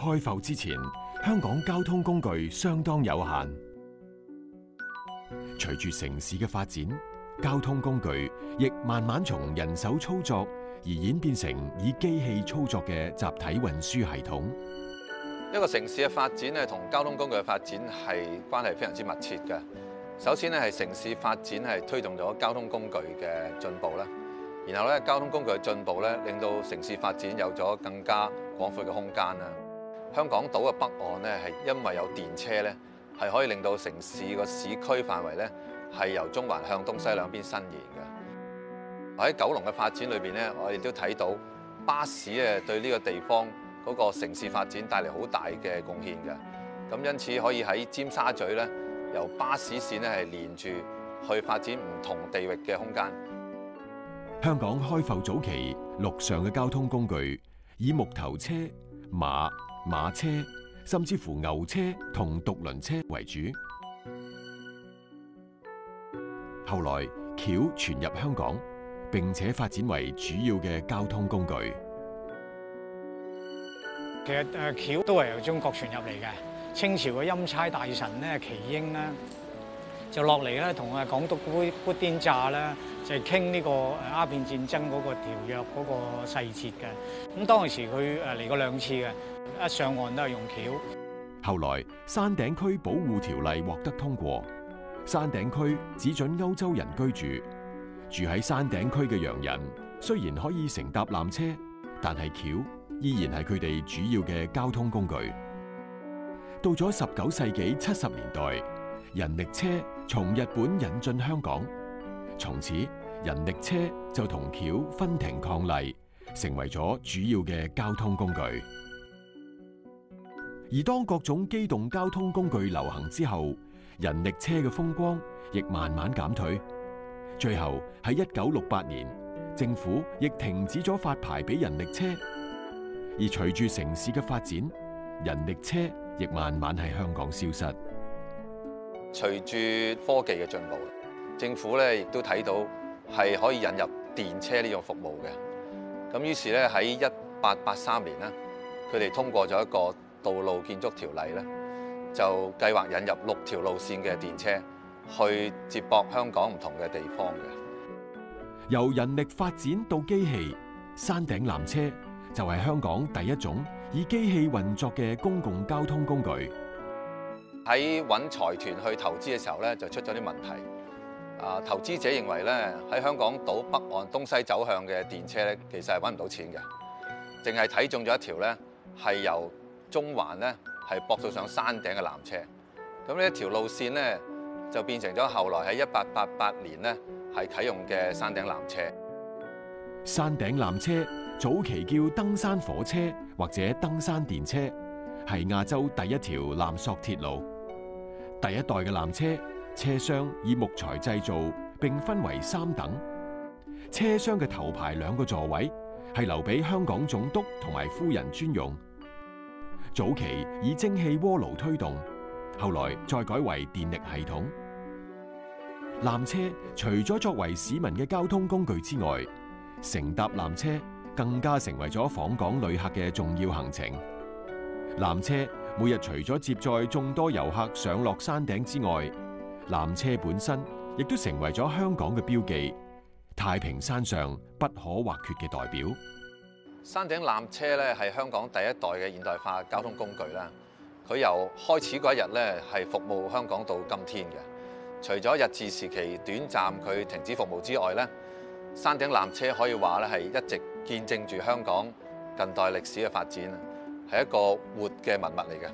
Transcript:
開埠之前，香港交通工具相當有限。隨住城市嘅發展，交通工具亦慢慢從人手操作而演變成以機器操作嘅集體運輸系統。一個城市嘅發展咧，同交通工具嘅發展係關係非常之密切嘅。首先咧，係城市發展係推動咗交通工具嘅進步啦。然後咧，交通工具嘅進步咧，令到城市發展有咗更加廣闊嘅空間啦。香港島嘅北岸咧，係因為有電車咧。係可以令到城市個市區範圍咧，係由中環向東西兩邊伸延嘅。喺九龍嘅發展裏邊咧，我亦都睇到巴士咧對呢個地方嗰個城市發展帶嚟好大嘅貢獻嘅。咁因此可以喺尖沙咀咧，由巴士線咧係連住去發展唔同地域嘅空間。香港開埠早期陸上嘅交通工具以木頭車、馬、馬車。甚至乎牛車同獨輪車為主，後來轎傳入香港，並且發展為主要嘅交通工具。其實誒，轎都係由中國傳入嚟嘅，清朝嘅欽差大臣咧，耆英啦。就落嚟咧，同啊港督砵甸乍咧，就係傾呢個鴉片戰爭嗰個條約嗰個細節嘅。咁當時佢誒嚟過兩次嘅，一上岸都係用橋。後來山頂區保護條例獲得通過，山頂區只准歐洲人居住。住喺山頂區嘅洋人雖然可以乘搭纜車，但係橋依然係佢哋主要嘅交通工具。到咗十九世紀七十年代。人力車從日本引進香港，從此人力車就同轎分庭抗禮，成為咗主要嘅交通工具。而當各種機動交通工具流行之後，人力車嘅風光亦慢慢減退，最後喺一九六八年，政府亦停止咗發牌俾人力車，而隨住城市嘅發展，人力車亦慢慢喺香港消失。隨住科技嘅進步，政府咧亦都睇到係可以引入電車呢個服務嘅。咁於是咧喺一八八三年咧，佢哋通過咗一個道路建築條例咧，就計劃引入六條路線嘅電車去接駁香港唔同嘅地方嘅。由人力發展到機器，山頂纜車就係香港第一種以機器運作嘅公共交通工具。喺揾財團去投資嘅時候咧，就出咗啲問題。啊，投資者認為咧，喺香港島北岸東西走向嘅電車咧，其實係揾唔到錢嘅，淨係睇中咗一條咧，係由中環咧係駁到上山頂嘅纜車。咁呢一條路線咧，就變成咗後來喺一八八八年咧係啟用嘅山頂纜車。山頂纜車早期叫登山火車或者登山電車，係亞洲第一條纜索鐵路。第一代嘅纜車，車廂以木材製造，並分為三等。車廂嘅頭排兩個座位係留俾香港總督同埋夫人專用。早期以蒸汽鍋爐推動，後來再改為電力系統。纜車除咗作為市民嘅交通工具之外，乘搭纜車更加成為咗訪港旅客嘅重要行程。纜車。每日除咗接載眾多遊客上落山頂之外，纜車本身亦都成為咗香港嘅標記，太平山上不可或缺嘅代表。山頂纜車咧係香港第一代嘅現代化交通工具啦，佢由開始嗰一日咧係服務香港到今天嘅，除咗日治時期短暫佢停止服務之外咧，山頂纜車可以話咧係一直見證住香港近代歷史嘅發展。係一個活嘅文物嚟嘅。